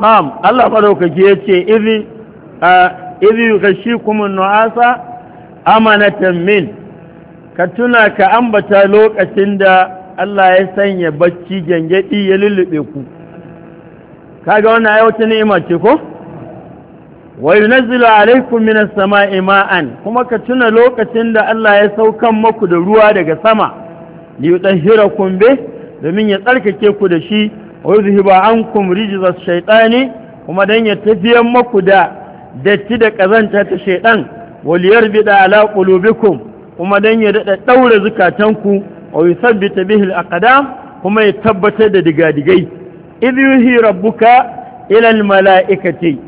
na'am Allah madaukaki yace izi idhi yughashshikum kuma nuasa amanatan min ka tuna ka ambata lokacin da Allah ya sanya bacci gyangyaɗi ya lullube ku kaga wannan ai wata ni'ima ce ko wa yunzilu alaykum minas sama'i ma'an kuma ka tuna lokacin da Allah ya saukan maku da ruwa daga sama li yutahhirakum bih domin ya tsarkake ku da shi ba an ankum rijza shaytani kuma dan ya tafiyan maku da datti da kazanta ta shaytan wal yarbida ala qulubikum kuma dan ya dada daure zukatanku wa sabbita bihi al aqdam kuma ya tabbatar da digadigai idh yuhi rabbuka ila al malaikati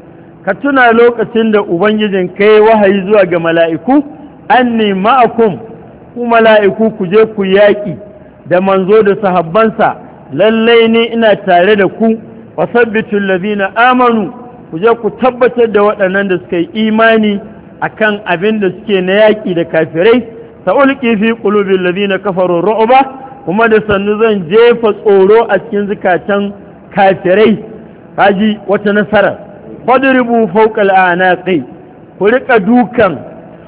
ka tuna lokacin da ubangijin kai wahayi zuwa ga mala'iku anni ma'akum ku mala'iku ku je ku yaƙi da manzo da sahabbansa lallai ne ina tare da ku wa sabbitul ladina amanu ku je ku tabbatar da waɗannan da suka yi imani akan abin da suke na yaƙi da kafirai ta ulki fi qulubil ladina kafaru ru'ba kuma da sannu zan jefa tsoro a cikin zukatan kafirai kaji wata nasara fadribu fawqa al'anaqi ku rika dukan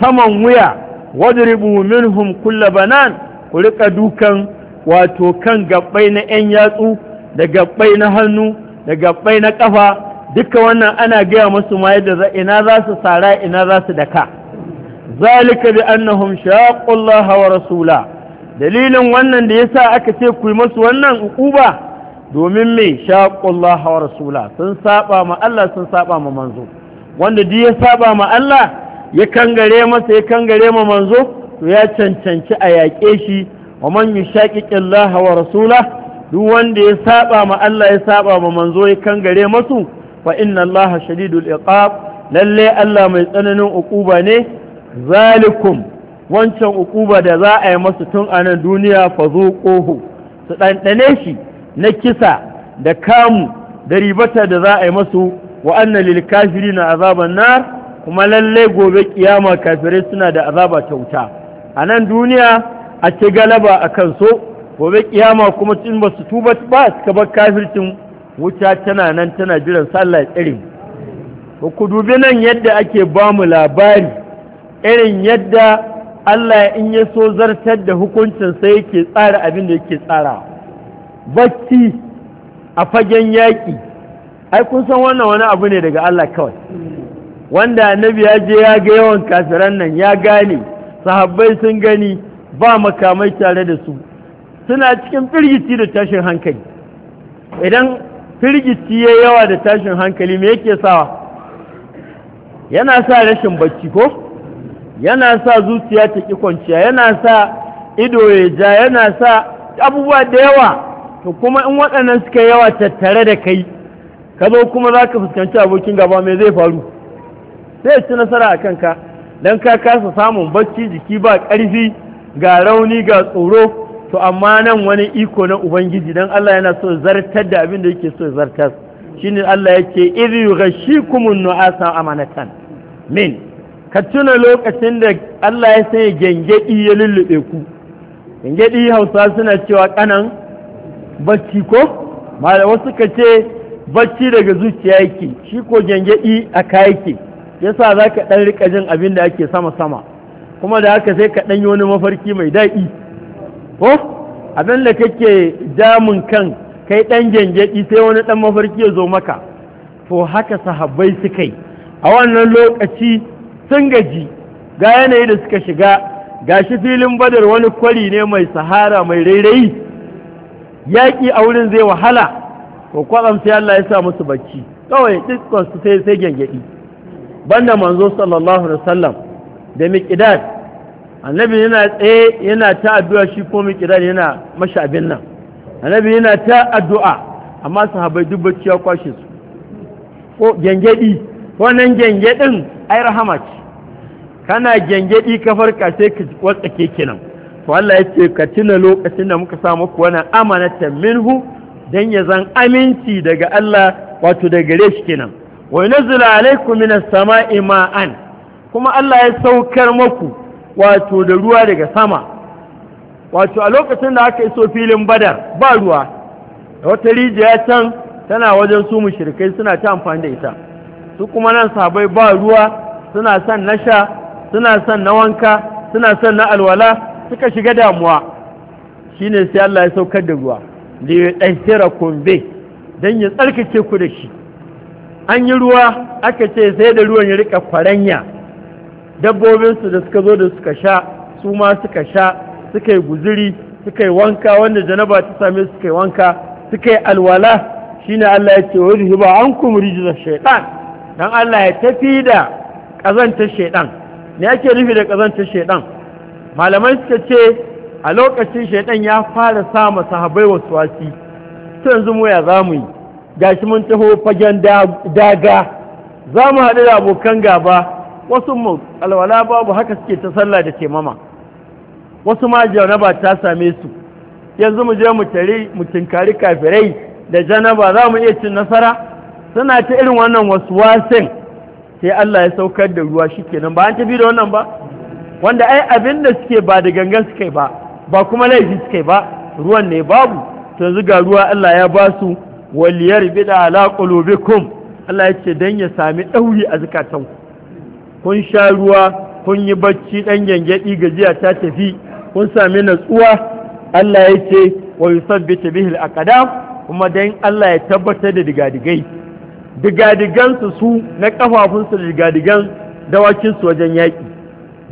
saman wuya wadribu minhum kull banan ku rika dukan wato kan gabbai na 'yan yatsu da gabbai na hannu da gabbai na ƙafa duka wannan ana gaya masu ma yadda ina za su tsara ina za su daka zalika bi annahum shaqullah wa rasula dalilin wannan da yasa aka ce ku yi musu wannan uquba domin me shaqullah wa rasula sun saba ma Allah sun saba ma manzo wanda duk ya saba ma Allah ya kangare masa ya kangare ma manzo to ya cancanci a yaƙe shi wa man yushaqiqi Allah wa rasulah duk wanda ya saba ma Allah ya saba ma manzo ya kangare masu fa inna Allah shadidul iqab lalle Allah mai tsananin ukuba ne zalikum wancan ukuba da za a yi masu tun a nan duniya fa zuquhu su dandane shi na kisa da kamu da ribata da za a yi masu wa anna lil kafirina azaban nar kuma lalle gobe kiyama kafirai suna da azaba ta wuta a nan duniya a ce galaba a kan so, gobe kiyama kuma cin ba su tuba ba suka bar kafircin wuta tana nan tana jiran sallah irin ba ku dubi nan yadda ake ba mu labari irin yadda Allah in ya so zartar da hukuncin sai yake tsara abin da yake tsara bacci a fagen yaƙi ai kun san wannan wani abu ne daga Allah kawai wanda annabi ya je ya ga yawan kafiran nan ya gane sahabbai sun gani ba makamai tare da su suna cikin firgici da tashin hankali idan firgici ya yawa da tashin hankali me yake sawa yana sa rashin bacci ko yana sa zuciya ta ƙi kwanciya yana sa ido ya ja yana sa abubuwa da yawa to kuma in waɗannan suka yawa tattare da kai ka zo kuma za ka fuskanci abokin gaba mai zai faru sai ci nasara a kanka don ka kasa samun bacci jiki ba ƙarfi ga rauni ga tsoro to amma nan wani iko na ubangiji dan Allah yana so zartar da abin da yake so zartar shine Allah yake idh yughashikumun nu'asa amanatan min ka tuna lokacin da Allah ya sanya gengedi ya lullube ku gengedi Hausa suna cewa kanan bacci ko wasu ka ce bacci daga zuciya yake shi ko gengedi a kayake yasa zaka dan rika jin abin da ake sama sama kuma da haka sai ka ɗan yi wani mafarki mai daɗi ko abin da kake damun kan kai ɗan gyangyaɗi sai wani ɗan mafarki ya zo maka to haka sahabbai suka yi a wannan lokaci sun gaji ga yanayi da suka shiga Ga shi filin badar wani kwari ne mai sahara mai rairayi yaƙi a wurin zai wahala ko kwatsam sai Allah ya sa musu bacci kawai dukkan su sai sai gyangyaɗi banda manzo sallallahu alaihi wasallam da miƙidad annabi yana tsaye yana ta addu'a shi ko mai yana mashi abin nan annabi yana ta addu'a amma sahabbai duk bacci ya kwashe su ko gengedi wannan gengedin ai rahama ce kana gengedi ka farka sai ka watsake kenan to Allah ya ce ka tuna lokacin da muka samu ku wannan amanata minhu dan ya zan aminci daga Allah wato da gare shi kenan wa yunzilu alaykum minas sama'i ma'an kuma Allah ya saukar muku wato da ruwa daga sama wato a lokacin da aka iso filin badar ba ruwa da wata rijiya can tana wajen su mushrikai suna ta amfani da ita su kuma nan sabai ba ruwa suna son na sha suna son na wanka suna son na alwala suka shiga damuwa shine sai Allah ya saukar da ruwa da ya ɗansira kumbe don ya tsarkake ku da shi an yi ruwa aka ce sai da ruwan ya riƙa kwaranya dabbobinsu da suka zo da suka sha su ma suka sha suka yi guziri suka yi wanka wanda janaba ta same suka yi wanka suka yi alwala shine Allah ya ce wa an ankum rijza shaytan dan Allah ya tafi da ƙazantar shaytan me yake nufi da kazantar shaytan malamai suka ce a lokacin shaidan ya fara sama sahabai wasu wasi yanzu mu ya za yi gashi mun taho fagen daga za mu haɗu da abokan gaba wasu mu alwala babu haka suke ta sallah da taimama wasu ma janaba ta same su yanzu mu je mu tare mu tinkari kafirai da janaba za mu iya cin nasara suna ta irin wannan wasu wasin sai Allah ya saukar da ruwa shikenan ba an tafi da wannan ba wanda ai abin da suke ba da gangan suke ba ba kuma laifi suke ba ruwan ne babu to yanzu ga ruwa Allah ya ba su waliyar bida ala qulubikum Allah ya ce dan ya sami dauri a zakatanku kun sha ruwa kun yi bacci ɗan gyangyaɗi gajiya ta tafi kun sami natsuwa Allah ya ce wa yusabbitu bihi al-aqdam kuma dan Allah ya tabbatar da digadigai digadigan su su na kafafun su digadigan dawakin su wajen yaki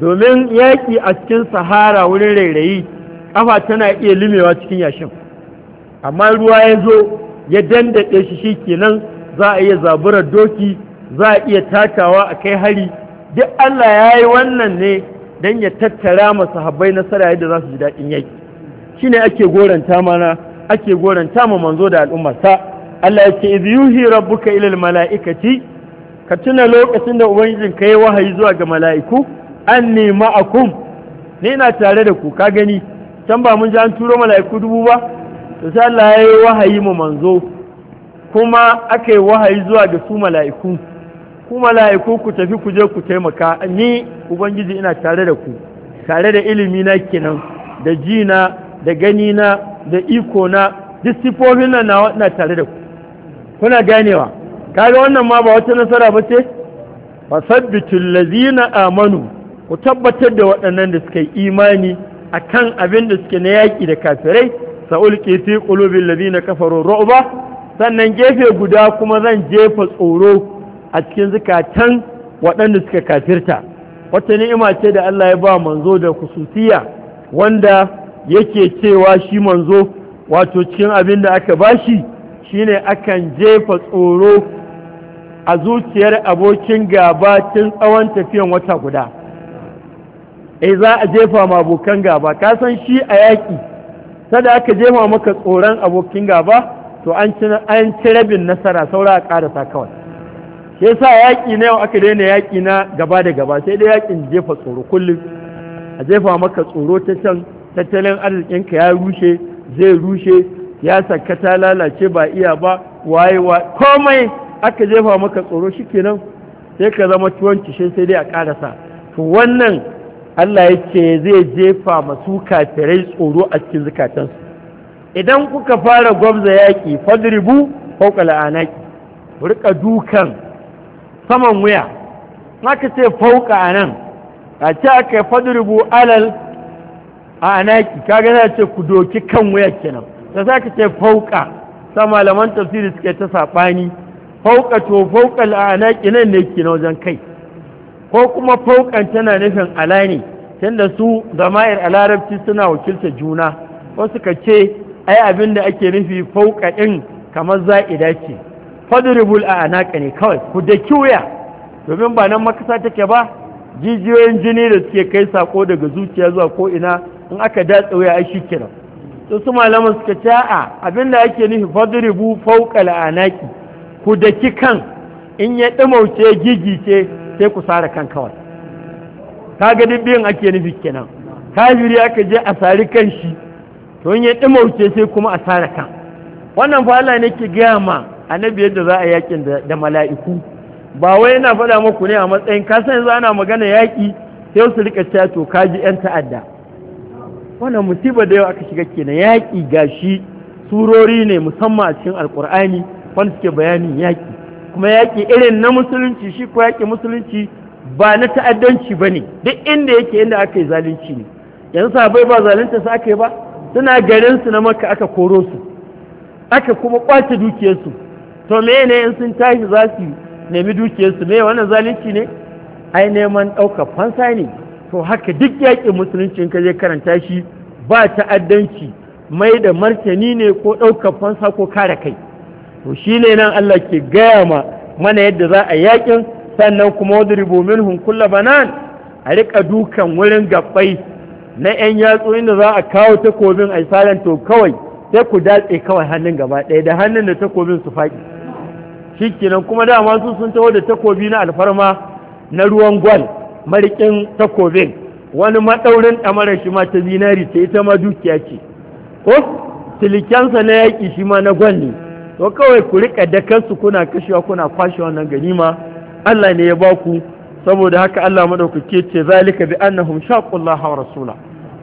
domin yaki a cikin sahara wurin rairayi kafa tana iya limewa cikin yashin amma ruwa ya zo ya dandade shi shikenan za a iya zaburar doki za a iya takawa a kai hari duk Allah ya yi wannan ne don ya tattara masu habai nasara yadda za su ji daɗin yaki shi ne ake goranta mana ake goranta ma manzo da al'ummarsa Allah ya ce hira rabbuka ilal mala'ikaci ka tuna lokacin da ubangijin ka yi wahayi zuwa ga mala'iku an nema akum ne na tare da ku ka gani can ba mun ji an turo mala'iku dubu ba to sai Allah ya yi wahayi ma manzo kuma aka yi wahayi zuwa ga su mala'iku ku mala'iku ku tafi ku je ku taimaka ni ubangiji ina tare da ku tare da ilimi na kenan da jina na da gani na da iko na duk sifofin nan na tare da ku kuna ganewa kaga wannan ma ba wata nasara ba ce fasabbitul lazina amanu ku tabbatar da waɗannan da suka yi imani akan abin da suke na yaki da kafirai sa'ulqi fi qulubil ladina kafaru ru'ba sannan gefe guda kuma zan jefa tsoro a cikin zukatan waɗanda suka kafirta wata ni'ima ce da Allah ya ba manzo da kusutiya wanda yake cewa shi manzo wato cikin abin da aka shi shine akan jefa tsoro a zuciyar abokin gaba tun tsawon tafiyan wata guda eh za a jefa ma abokan gaba ka san shi a yaƙi sada aka jefa maka tsoron abokin gaba to an ci rabin nasara saura a ƙarasa kawai ke sa yaƙi na yau aka daina yaƙi na gaba da gaba sai dai yaƙin jefa tsoro kullum a jefa maka tsoro ta can tattalin arzikinka ya rushe zai rushe ya saka ta lalace ba iya ba waye wa komai aka jefa maka tsoro shikenan sai ka zama tuwon cishe sai dai a karasa to wannan Allah ya ce zai jefa masu kafirai tsoro a cikin zukatansu idan kuka fara gwamza yaƙi fadribu fauka la'anaki rika dukan saman wuya maka ce fauka a nan a ce aka yi rubu alal a anaki kaga za ce ku doki kan wuya kenan da za ka ce fauka sa malaman tafsiri suke ta saɓani fauka to fauka a anaki nan ne ke na wajen kai ko kuma faukan tana nufin ala ne tunda su zama'ir a larabci suna wakilta juna wasu ka ce ai abin da ake nufi fauka ɗin kamar za'ida ce fadribul a anaka ne kawai ku da kiwuya domin ba nan makasa take ba jijiyoyin jini da suke kai sako daga zuciya zuwa ko ina in aka datsa wuya ai shikenan to su malaman suka ce a abin da ake nufi fadribu fawqa anaki ku daki kan in ya dumauce gigice sai ku sare kan kawai kaga dibbin ake nufi kenan kafiri aka je a sari kan shi to in ya dumauce sai kuma a sare kan wannan fa Allah ne ke gaya ma annabi yadda za a yakin da mala'iku ba wai yana faɗa muku ne a matsayin kasan yanzu ana magana yaƙi sai su rika cewa to kaji 'yan ta'adda wannan musiba da yau aka shiga kenan yaƙi shi surori ne musamman a cikin alkur'ani wanda suke bayanin yaƙi kuma yaƙi irin na musulunci shi ko yaƙi musulunci ba na ta'addanci ba ne duk inda yake inda aka yi zalunci ne yanzu sabai ba zalunta su aka yi ba suna garinsu na maka aka koro su aka kuma ƙwace dukiyarsu to me ne in sun tashi za su nemi dukiyarsu me wannan zalunci ne ai neman ɗaukar fansa ne to haka duk yaƙin musulunci ka je karanta shi ba ta'addanci mai da martani ne ko ɗaukar fansa ko kare kai to shi ne nan Allah ke gaya ma mana yadda za a yaƙin sannan kuma wadribu ribomin hunkula banan a riƙa dukan wurin gabbai na 'yan yatsu inda za a kawo takobin a to kawai sai ku datse kawai hannun gaba ɗaya da hannun da takobin su faɗi kenan kuma dama su sun taho da takobi na alfarma na ruwan gwal marikin takobin wani maɗaurin ɗamarar shi ma ta zinari ce ita ma dukiya ce ko silikensa na yaƙi shi ma na gwal ne to kawai ku riƙa da kansu kuna kashewa kuna kwashe wannan ganima Allah ne ya ba ku saboda haka Allah madaukake ce zalika bi annahum shaqullaha wa rasula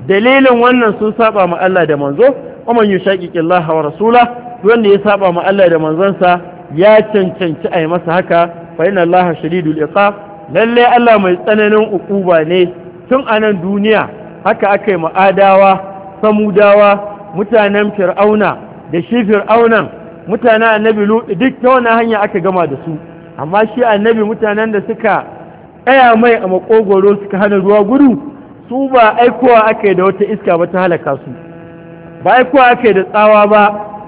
dalilin wannan sun saba ma Allah da manzo wa man yushaqiqillaha wa rasula wanda ya saba ma Allah da manzansa ya cancanci a yi masa haka fa Allah allaha shadidul iqab lalle Allah mai tsananin ukuba ne tun a nan duniya haka aka yi ma'adawa samudawa mutanen fir'auna da shi fir'aunan mutanen annabi lutu duk ta wani hanya aka gama da su amma shi annabi mutanen da suka tsaya mai a makogoro suka hana ruwa gudu su ba aikowa aka yi da wata iska ba ta halaka su ba aikowa aka yi da tsawa ba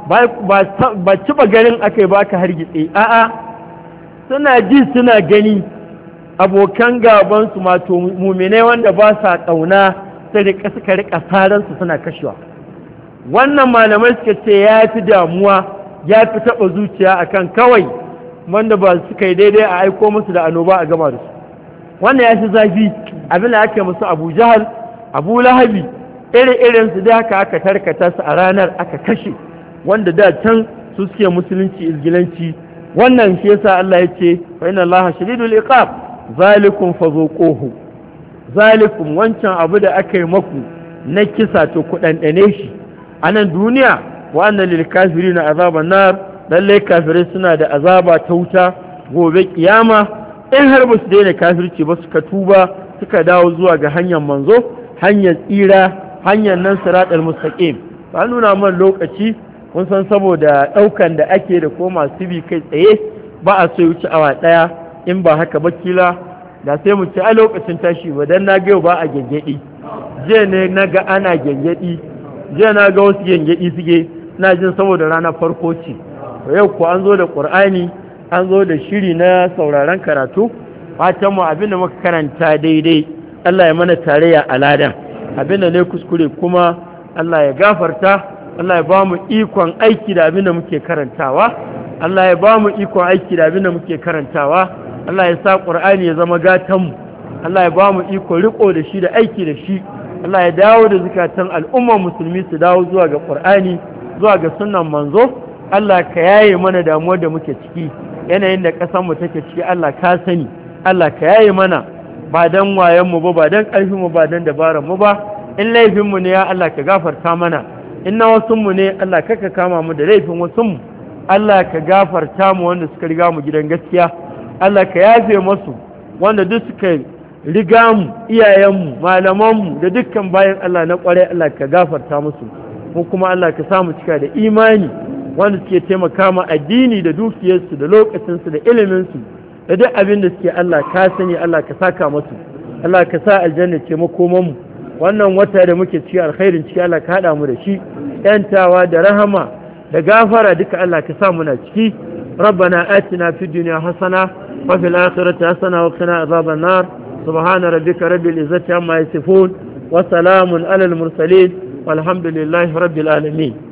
ba ciba garin aka yi ba ka hargitse a'a suna ji suna gani abokan gabansu mato muminai wanda ba sa ƙauna sai rika suka rika saransu suna kashewa wannan malamai suka ce ya fi damuwa ya fi taɓa zuciya a kan kawai wanda ba su kai daidai a aiko musu da annoba a gama da su wannan ya fi zafi abin da ake musu abu jahal abu lahabi iri irinsu dai haka aka tarkata su a ranar aka kashe wanda da can su suke musulunci izgilanci wannan shi yasa Allah ya fa inna Allah shadidul iqab zalikum fazuquhu zalikum wancan abu da aka yi maku na kisa to ku shi a nan duniya wa anna lil kafirina azaban nar lalle kafirai suna da azaba ta wuta gobe kiyama in har ba su daina kafirci ba suka tuba suka dawo zuwa ga hanyar manzo hanyar tsira hanyar nan siratal mustaqim ba nuna man lokaci kun san saboda ɗaukan da ake da ko masu bi kai tsaye ba a so wuce awa ɗaya in ba haka ba kila da sai mu ci a lokacin tashi ba dan na ga ba a gyangyaɗi jiya ne na ga ana gyangyaɗi jiya na ga wasu gyangyaɗi suke na jin saboda rana farko ce yau ko an zo da ƙur'ani an zo da shiri na sauraron karatu fatan mu abinda muka karanta daidai Allah ya mana tarayya aladan abinda ne kuskure kuma Allah ya gafarta Allah ya ba mu ikon aiki da abin da muke karantawa Allah ya ba mu ikon aiki da abin da muke karantawa Allah ya sa Qur'ani ya zama gatanmu Allah ya ba mu ikon riko da shi da aiki da shi Allah ya dawo da zikatan al'ummar musulmi su dawo zuwa ga Qur'ani zuwa ga sunnan manzo Allah ka yaye mana damuwar da muke ciki yanayin da ƙasar mu take ciki Allah ka sani Allah ka yaye mana ba dan wayan mu ba ba dan ƙarfin mu ba dan dabaran ba in laifinmu ne ya Allah ka gafarta mana inna wasunmu ne Allah kaka kama mu da laifin wasunmu Allah ka gafarta mu wanda suka riga mu gidan gaskiya Allah ka yafe masu wanda duk suka riga mu iyayenmu malamanmu da dukkan bayan Allah na kwarai Allah ka gafarta musu mu kuma Allah ka mu cika da imani wanda suke taimaka ma addini da dukiyarsu da lokacinsu da iliminsu da duk abin da suke Allah ka sani Allah ka saka musu Allah ka sa aljanna ce makomanmu mu wannan wata da muke ciki alkhairin ciki Allah ka haɗa mu da shi 'yantawa da rahama da gafara duka Allah ka sa na ciki rabbana atina fi duniya, Hassana wa fil akhirati hasana wa qina azaban nar subhana rabbika rabbil izzati amma yasifun wa salamun alal mursalin alhamdulillahi rabbil alamin